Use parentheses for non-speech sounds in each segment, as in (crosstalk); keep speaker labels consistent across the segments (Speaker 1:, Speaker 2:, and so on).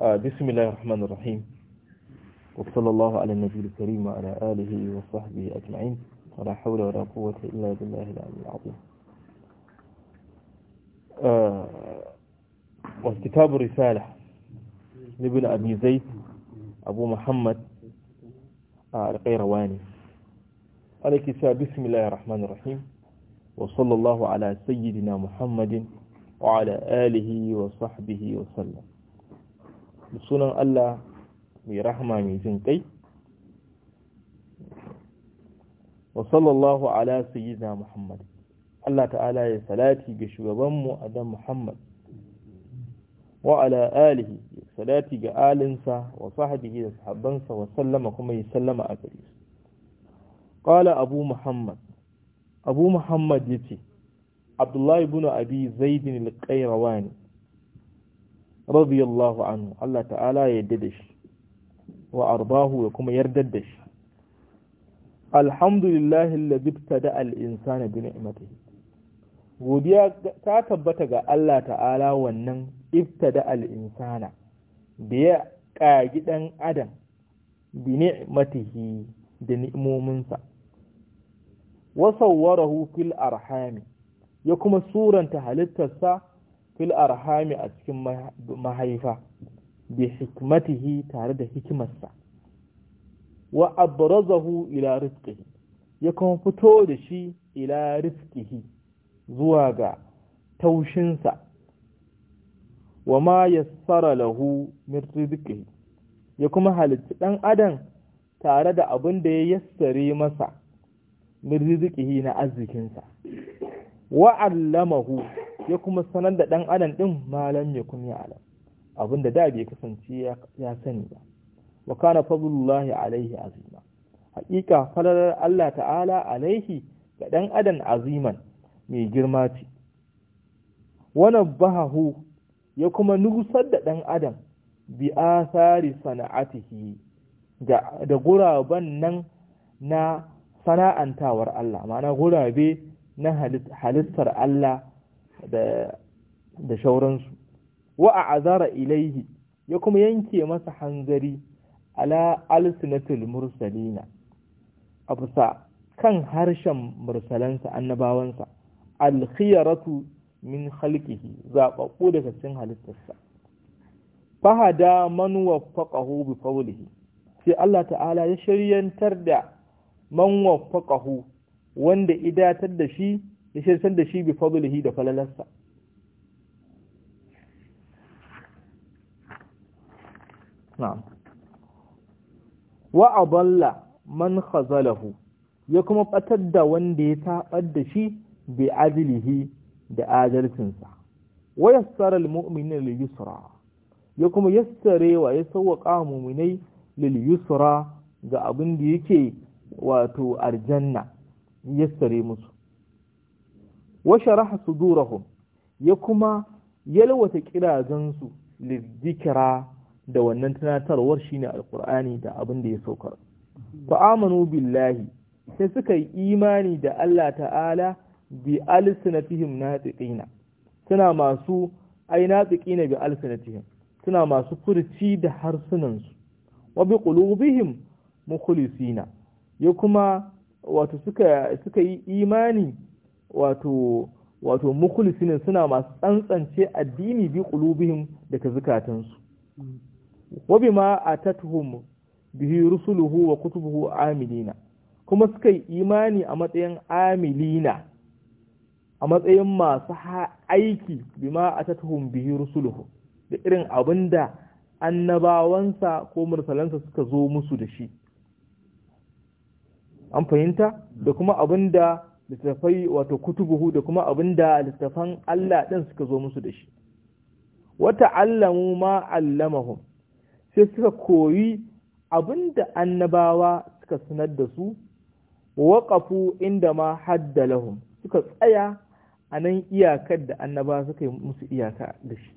Speaker 1: آه، بسم الله الرحمن الرحيم وصلى الله على النبي الكريم وعلى آله وصحبه أجمعين ولا حول ولا قوة إلا بالله العلي العظيم آه، وكتاب الرسالة لابن أبي زيد أبو محمد القيرواني عليك بسم الله الرحمن الرحيم وصلى الله على سيدنا محمد وعلى آله وصحبه وسلم da sunan Allah mai rahama mai jin kai wa sallallahu ala sayyidina Muhammad Allah ta'ala ya salati ga shugabanmu Adam Muhammad wa ala alihi ya salati ga alinsa wa sahbihi da sahabbansa wa sallama kuma ya sallama a gare su qala abu muhammad abu muhammad yace abdullahi ibn abi zaid al-qayrawani radiyallahu anhu Allah ta'ala ya yarda da shi wa ardahu ya kuma yarda da shi alhamdulillahi allazi ibtada al-insana bi ni'matihi godiya ta tabbata ga Allah ta'ala wannan ibtada al-insana da ya kagi dan adam bi ni'matihi da ni'imominsa wa sawwarahu fil arhami ya kuma suranta halittarsa fil arhami a cikin mahaifa bi hikmatihi tare da hikimarsa wa abrazahu ila rizqihi ya kuma fito da shi ila rizqihi zuwa ga taushinsa wa ma yassara lahu min rizqihi ya kuma halitta dan adam tare da abin da ya yassare masa min rizqihi na arzikinsa wa allamahu ya kuma sanar da ɗan adam ɗin malam ya kun ya alam abinda da bai kasance ya sani ba wa kana fadlullahi alaihi azima haƙiƙa falalar Allah ta'ala alaihi ga ɗan adam aziman mai girma ce wani bahahu ya kuma nusar da ɗan adam bi asari sana'atihi da guraben nan na sana'antawar Allah ma'ana gurabe na halittar Allah da shauransu wa a azara ilaihi ya kuma yanke masa hanzari ala alsinatul mursalina a fusa kan harshen mursalansa annabawansa alkhiyaratu min halkihi zaɓaɓɓu daga cikin halittarsa fahada man waffaqahu bi fawlihi sai Allah ta'ala ya shiryantar da man waffaqahu wanda idatar da shi ya san da shi bi fadlihi da falalarsa na'am wa adalla man khazalahu ya kuma batar da wanda ya tabar da shi bi adlihi da adalcinsa wa yassara al mu'minina lil yusra ya kuma yassarewa ya sawwaka mu'minai lil yusra ga abin da yake wato aljanna yassare musu wa sharaha sudurahum ya kuma yalwata kirazansu lizzikira da wannan tunatarwar shine alqur'ani da abin da ya saukar fa amanu billahi sai suka yi imani da Allah ta'ala bi alsinatihim natiqina suna masu ai natiqina bi alsinatihim suna masu furci da harsunansu wa bi qulubihim mukhlisina ya kuma wato suka suka yi imani wato wato mukhlisina suna masu tsantsance addini bi qulubihim daga zakatansu wa bima atatuhum bihi rusuluhu wa kutubuhu amilina kuma suka yi imani a matsayin amilina a matsayin masu aiki bima atatuhum bihi rusuluhu da irin abinda annabawansa ko mursalansa suka zo musu da shi an fahimta da kuma abinda littafai wato kutubuhu da kuma abin da littafan Allah ɗin suka zo musu da shi wata allamu ma allamahum sai suka koyi abinda annabawa suka sanar da su waƙafu inda ma hadda lahum suka tsaya a nan iyakar da annaba suka yi musu iyaka da shi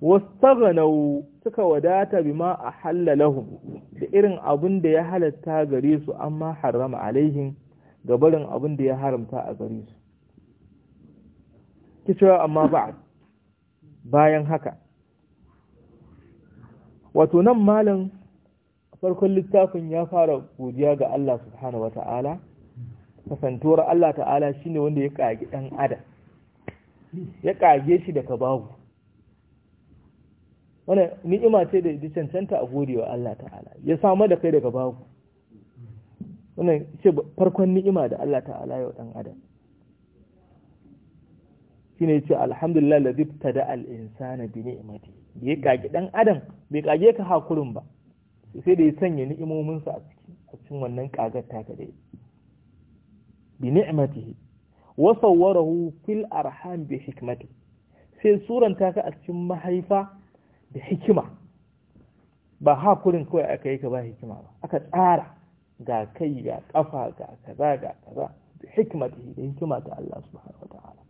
Speaker 1: wasu suka wadata ma a lahum da irin abin da ya halatta gare su amma harama alaihin. ga barin abin da ya haramta a gare su cewa amma ba bayan haka wato nan malam farkon littafin ya fara godiya ga Allah subhanahu wata'ala kasantuwar Allah ta'ala shine wanda ya kage dan adam ya kage shi daga babu wannan ni'ima ce da cancanta a gode wa Allah ta'ala ya samu da kai daga babu wannan ce farkon ni'ima da Allah ta'ala Yau ɗan adam shine ce alhamdulillah ladhi tada al-insana bi ni'mati bai kage dan adam bai kage ka hakurin ba sai da ya sanya ni'imomin sa a cikin a cikin wannan kagar ta gare bi ni'matihi wa sawwarahu fil arham bi hikmati sai suranta ka a cikin mahaifa da hikima ba hakurin kawai aka yi ka ba hikima ba aka tsara ga kai ga kafa ga kaza ga kaza da hikmatihi da hikima ta Allah subhanahu wataala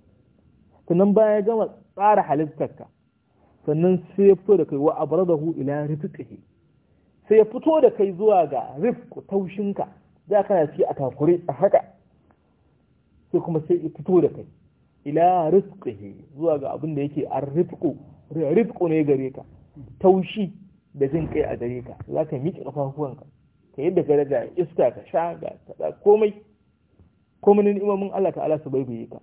Speaker 1: sannan baya gama tsara halittarka sannan sai ya fito da kai wa abradahu ila rizqihi sai ya fito da kai zuwa ga rifku taushinka za kana ci a takure a haka sai kuma sai ya fito da kai ila rizqihi zuwa ga abin da yake arrifqu rifqu ne gare ka taushi da jin kai a gare ka ka miƙe kafafuwanka ka yi daga daga iska ka sha ga kaɗa komai komai imamin Allah ta'ala su baibaye ka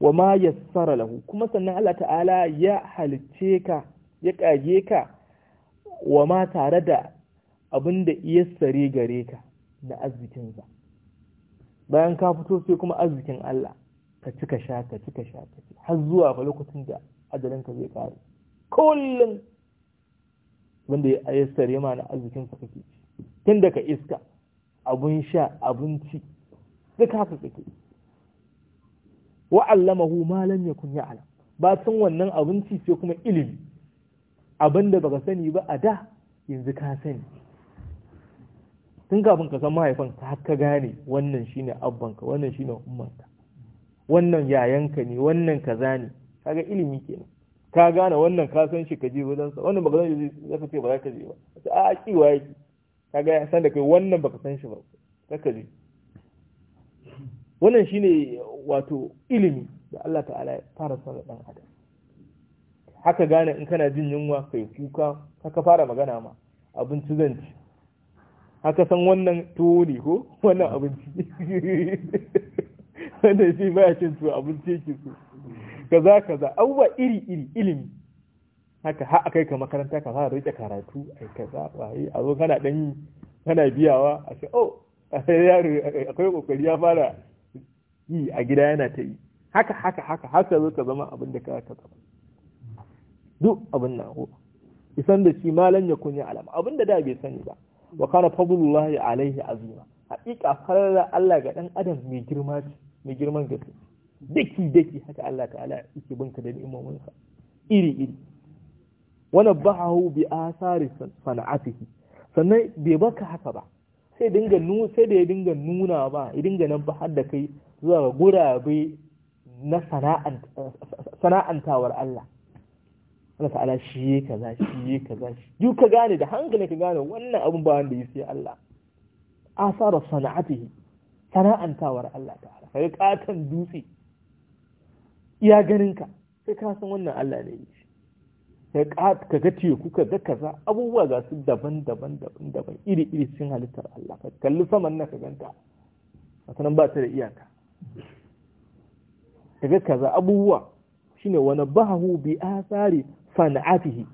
Speaker 1: wa ma ya tsara lahu kuma sannan Allah ta'ala ya halicce ka ya kage ka wa ma tare da abin da tsare gare ka na arzikinsa bayan ka fito sai kuma arzikin Allah ka cika sha ka cika sha ka har zuwa fa lokacin da ajalinka zai kare kullum wanda ya ayyastar yama na arzikinsa kake tun daga iska abun sha abinci duk haka kake wa'allamahu malam ya kun ya'ala ba sun wannan abinci sai kuma ilimi abinda baka sani ba a da yanzu ka sani tun kafin ka san mahaifanka ka haka gane wannan shine abbanka wannan shine ummarka wannan yayanka ne wannan kaza ne kaga ilimi kenan ka gane wannan ka san shi ka je wajen sa wannan baka san shi ka ce ba za ka je ba a kiwa yake ka ga san da kai wannan baka san shi ba ka je wannan shine wato ilimi da Allah ta'ala ya fara sanar dan adam haka gane in kana jin yunwa kai kuka haka fara magana ma abinci zan ci haka san wannan tuwo ne ko wannan abinci (laughs) wannan shi ya cin tuwo abinci yake so kaza kaza abubuwa iri iri ilimi haka ha akai ka makaranta ka fara rike karatu ai kaza waye a zo kana dan kana biyawa a ce oh (laughs) yaro akwai kokari ya fara yi a gida yana ta yi haka haka haka haka zo ka zama abin da ka ka zama duk abin na ko isan da shi malan ya kunya alama abin da da bai sani ba wa kana fadlullahi alaihi azima haƙiƙa farar Allah ga dan adam mai girma mai girman gaske daki daki haka Allah ta'ala yake binka da ni'imominsa iri iri wani ba'ahu bi asari sana'atihi sannan bai baka haka ba sai dinga nu sai da ya dinga nuna ba ya dinga nan ba har da kai zuwa ga gurabe na sana'antawar Allah Allah ta'ala shi ya kaza shi ya kaza shi duk ka gane da hankali ka gane wannan abin ba wanda ya sai Allah asara sana'atihi sana'antawar Allah ta'ala kai katan dutse iya ganinka sai ka san wannan Allah ne shi ka ga teku ka ga kaza abubuwa ga su daban daban daban daban iri iri sun halittar Allah ka kalli saman nan ka ganta sanan ba ta da iyaka ka ga kaza abubuwa shine wani bahu bi asari fan'atihi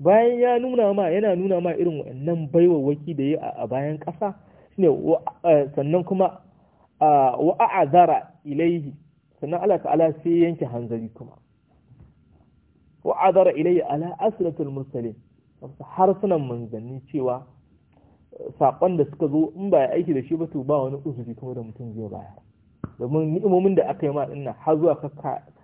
Speaker 1: bayan ya nuna ma yana nuna ma irin wannan baiwawaki da ya a bayan kasa shine eh, sannan kuma ah, wa a'azara ilaihi sannan Allah ta'ala sai yanke hanzari kuma wa adara ilayya ala asratul mursalin wasu harsunan manzanni cewa sakon da suka zo in ba ya aiki da shi ba to ba wani uzuri kuma da mutum zai baya domin ni'imomin da aka yi ma dinnan har zuwa ka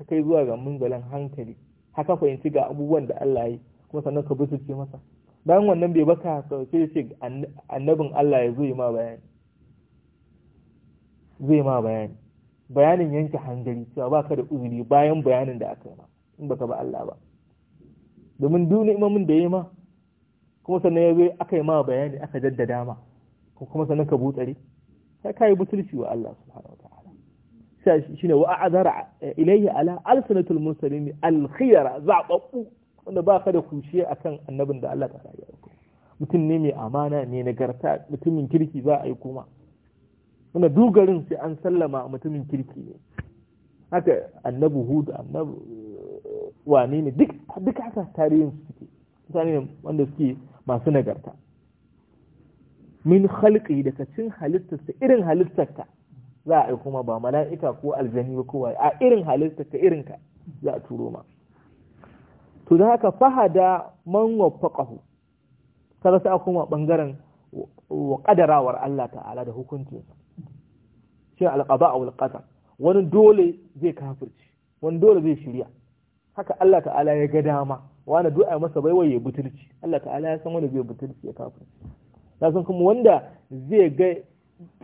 Speaker 1: kai zuwa ga munzalin hankali haka fahimci ga abubuwan da Allah yi kuma sannan ka bisu masa bayan wannan bai baka sai ce annabin Allah ya zo ma bayani zai ma bayani bayanin yanke hanzari cewa ka da uzuri bayan bayanin da aka yi ma in baka ba Allah ba domin duni imamin da yayi ma kuma sannan ya zo aka yi ma bayani aka jaddada ma kuma sannan ka butsare sai ka yi butulci wa Allah subhanahu ta'ala sai shine wa a'zara ilayhi ala alsanatul muslimin alkhiyara zaɓaɓɓu wanda ba ka da kushe akan annabin da Allah ta sa ya mutum ne mai amana mai nagarta mutumin kirki za a yi kuma muna dogarin sai an sallama a mutumin kirki ne haka annabu hudu annabu eh, wane ne duk haka tarihin su suke mutane ne wanda suke masu nagarta min halƙi daga cin sa irin ka za a yi kuma ba mala'ika ko aljani ba kowa a irin irin irinka za a turo ma to da haka fahada man waffaqahu kada sai kuma bangaren wa qadarawar Allah ta'ala da hukuncinsa shi alƙaba a wulƙata wani dole zai kafirci wani dole zai shirya haka Allah ta'ala ya ga dama wani du'a masa baiwa ya butulci Allah ta'ala ya san wani zai butulci ya kafirci na san kuma wanda zai ga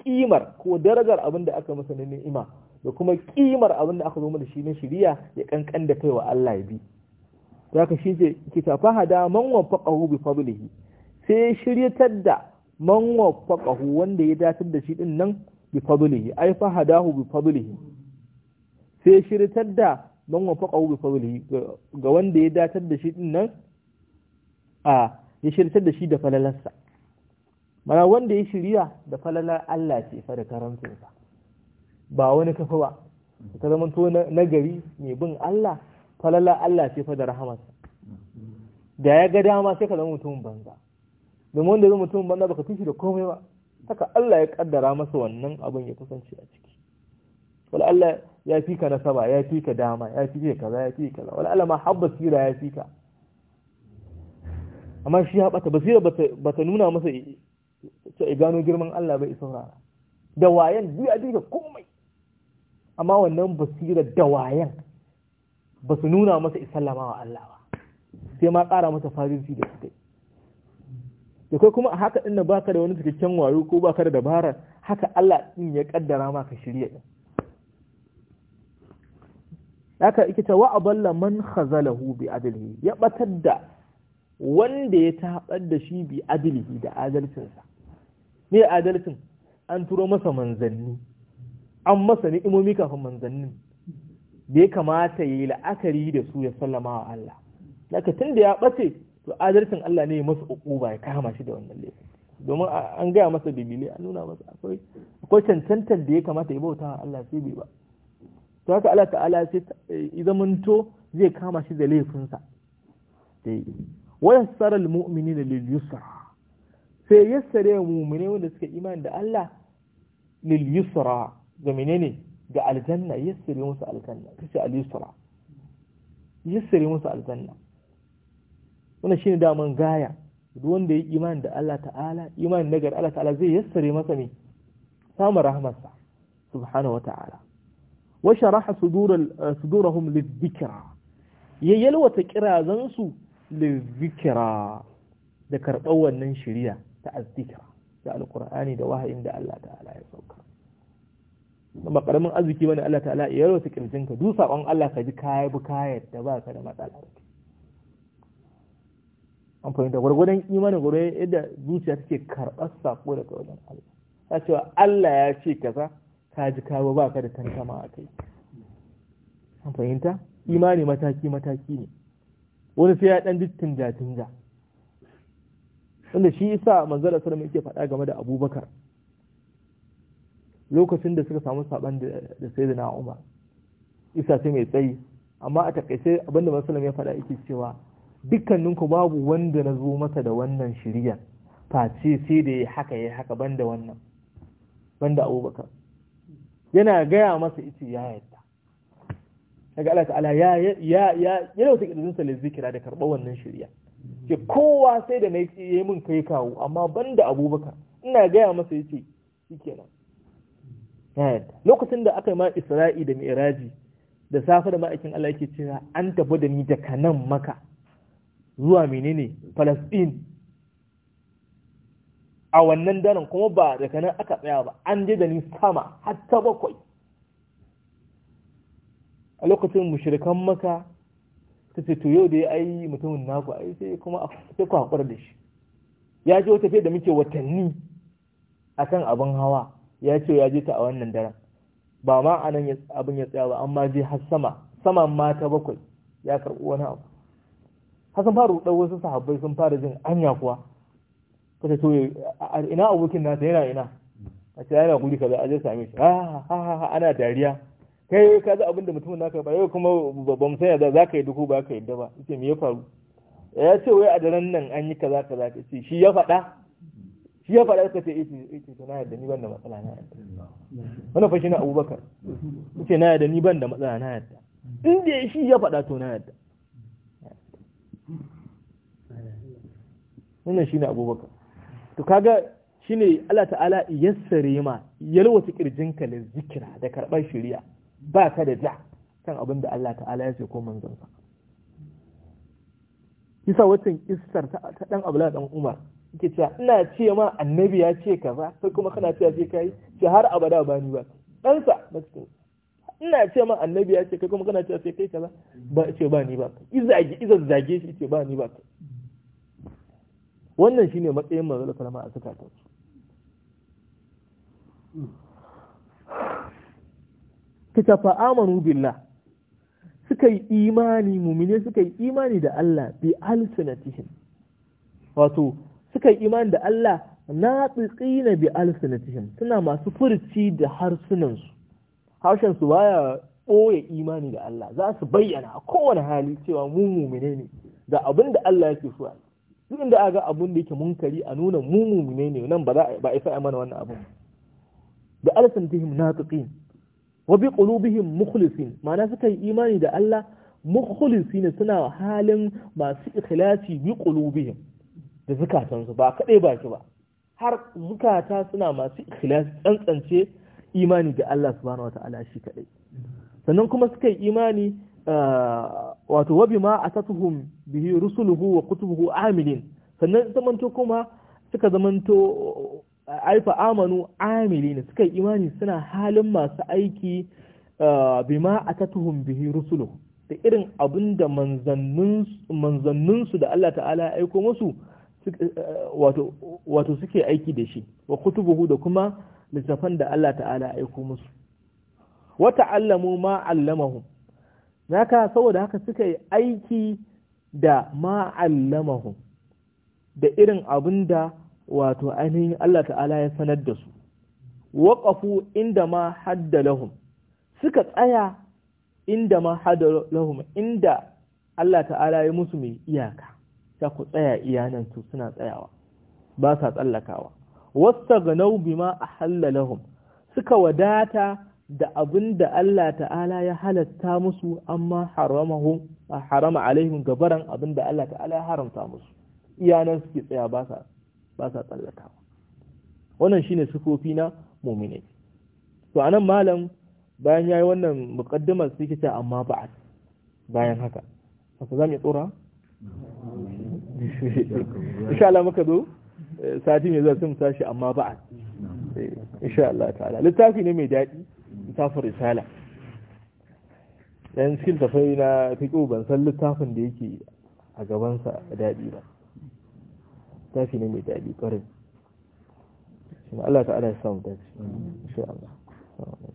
Speaker 1: kimar ko darajar abin da aka masa na ima da kuma kimar abin da aka zo mana shi na shiriya ya kankan da kai wa Allah ya bi zaka shi ce kitafaha da man wafaqahu bi fadlihi sai shiryatar da man wafaqahu wanda ya datar da shi din nan bi fadlihi ay fa hadahu bi fadlihi sai shirtar da man wafaqahu bi fadlihi ga wanda ya datar da shi din nan a ya shirtar da shi da falalarsa mana wanda ya shirya da falalar Allah ce fa da karantinsa ba wani kafa ba ta zama zamanto nagari mai bin Allah falalar Allah ce fa da rahamarsa da ya ga dama sai ka zama mutumin banza domin wanda zai mutumin banza baka fi shi da komai ba haka Allah ya kaddara masa wannan abin ya kasance a ciki wala Allah ya fi ka nasaba ya fi ka dama ya fi ka kaza ya fi kaza wala Allah ma habba sira ya fi ka amma shi ya bata basira bata nuna masa to ya gano girman Allah bai saurara da wayan duk a duka komai amma wannan basira da wayan ba su nuna masa isallama wa Allah ba sai ma ƙara masa farinci da su da kai kuma a haka ɗin da baka da wani cikakken wayo ko baka da dabara haka Allah ɗin ya kaddara maka shirya din haka yake ta wa aballa man khazalahu bi adalci ya ɓatar da wanda ya taɓar da shi bi adalci da adalcinsa ne adalcin an turo masa manzanni an masa ni'imomi kafin manzannin da ya kamata ya yi la'akari da su ya sallama wa Allah daga tun da ya ɓace to adalcin Allah ne ya uku ba ya kama shi da wannan laifin domin an gaya masa dalilai an nuna masa akwai akwai cancantar da ya kamata ya bauta Allah sai bai ba to haka Allah ta'ala sai zamanto zai kama shi da laifinsa sa eh. yi wa yassara mu'minina lil yusra sai yassare mu'mine wanda suka imani da Allah lil yusra ga menene ga aljanna yassare musu aljanna kace al yusra yassare musu aljanna wannan shine daman gaya duk wanda ya iman da Allah ta'ala iman imani nagar Allah ta'ala zai yassare masa ne samun rahmarsa subhanahu wata'ala wa sharaha eh, sudurahum lidhikra ya yalwata kirazan su lidhikra da karɓar wannan shari'a ta azzikra da alqur'ani da wahayin da Allah ta'ala ya sauka ba karamin arziki bane Allah ta'ala ya yalwata kirjinka duk sabon Allah ka ji kai bu kayar da ba ka da matsala an fahimta gwargwadon imanin gwargwadon yadda zuciya take karɓar saƙo daga wajen Allah ta cewa Allah ya ce kaza ka ji kawo ba ka da tantama a kai an fahimta imani mataki mataki ne wani sai ya dan dittin jatinja wanda shi yasa manzara sallama yake faɗa game da Abubakar lokacin da suka samu saban da da Umar isa sai mai tsayi amma a takaice abinda manzara ya faɗa yake cewa dukkaninku babu wanda na zo masa da wannan shirya face sai da ya haka ya haka banda wannan banda abubakar yana gaya masa ita ya yadda daga Allah ta'ala ya ya ya da wata kirjin sa zikira da karɓar wannan shirya ke kowa sai da na yi min kai kawo amma banda abubakar ina gaya masa yace shikenan ya yadda lokacin da aka yi ma isra'i da mi'raji da safe da ma'aikin Allah yake cewa an tafi da ni daga nan maka zuwa menene Palestine a wannan daren kuma ba daga nan aka tsaya ba an je da ni sama har bakwai a lokacin mushirikan maka ta ce to yau da ya ai mutumin naku ai sai kuma (laughs) sai ku haƙura da shi ya ce wata fiye da muke watanni akan abin hawa ya ce ya je ta a wannan daren ba ma anan abin ya tsaya ba amma je har sama saman ma ta bakwai ya karɓi wani abu hasan fara rudar wasu sahabbai sun fara jin anya kuwa kace to ina abokin nasa yana ina a ce yana guri kaza aje same shi ha ha ha ana dariya kai ka ji abin da mutumin naka ba yau kuma ba mu sanya za ka yi duku ba ka yi da ba yace me ya faru ya ce wai a daren nan an yi kaza kaza ka ce shi ya faɗa shi ya faɗa ka ce yace eh, eh, to na yadda ni ban da matsala na yadda wannan fa shi na Abubakar yace na yadda ni ban da matsala na yadda in dai shi ya faɗa to na yarda wannan shine abubakar to kaga shine Allah ta'ala yassare ma yalwata kirjinka da zikira da karɓar shari'a ba ka da ja kan abin da Allah ta'ala ya ce ko sa kisa wacin istar ta dan abula dan Umar yake cewa ina ce ma annabi ya ce kaza sai kuma kana cewa sai kai ce har abada ba ni ba ɗansa sa ina ce ma annabi ya ce kai kuma kana cewa sai kai kaza ba ce ba ni ba izage zage shi ce ba ni ba wannan shine matsayin manzo salama a zakata kita fa amanu billah suka yi imani mumine suka yi imani da Allah bi alsunatihim wato suka yi imani da Allah na tsitsina bi alsunatihim suna masu furci da harsunansu harshen su baya ɓoye imani da Allah za su bayyana a kowane hali cewa mu mumine ne ga abin da Allah yake so duk inda aka ga abin da yake munkari a nuna mu mumine ne nan ba za ba isa mana wannan abin da tihim natiqin wa bi qulubihim mukhlisin ma'ana suka yi imani da Allah mukhlisin suna halin masu ikhlasi bi qulubihim da zakatansu ba kadai ki ba har zukata suna masu ikhlasi tsantsance imani ga Allah subhanahu ta'ala shi kadai sannan kuma suka yi imani ah, wato wabi ma atatuhum bihi rusuluhu wa kutubuhu amilin sannan zamanto kuma suka zamanto ah, aifa amanu amilin suka yi imani suna halin masu aiki ah, bima atatuhum bihi rusuluhu da irin abin da manzanninsu da Allah ta'ala ya aiko musu wato suke aiki da shi wa kutubuhu da kuma littafan da Allah ta'ala ya aiko musu wa ta'allamu ma allamahum naka saboda haka suka yi aiki da ma allamahum da irin abinda wato ainihin Allah ta'ala ya sanar da su waqafu inda ma haddalahum suka tsaya inda ma haddalahum inda Allah ta'ala ya musu mai iyaka ta ku tsaya iyanan su suna tsayawa ba sa tsallakawa wastaghnau bima ahalla lahum suka wadata da abinda Allah ta'ala ya halatta musu amma haramahu harama alaihim gabaran abinda Allah ta'ala ya haramta musu iyanan suke tsaya ba sa ba sa tsallakawa wannan shine sufofi na mu'minai to anan malam bayan yayi wannan muqaddimar sai kace amma ba'at bayan haka haka zamu tsora insha Allah muka zo sati ne zai sun sashi amma ba a eh, insha Allah ta'ala littafi ne mai daɗi littafin risala dan cikin tafai na fiƙo ban san littafin da yake a gabansa a daɗi ba littafi ne mai daɗi ƙwarai Allah ta'ala ya samu dace insha Allah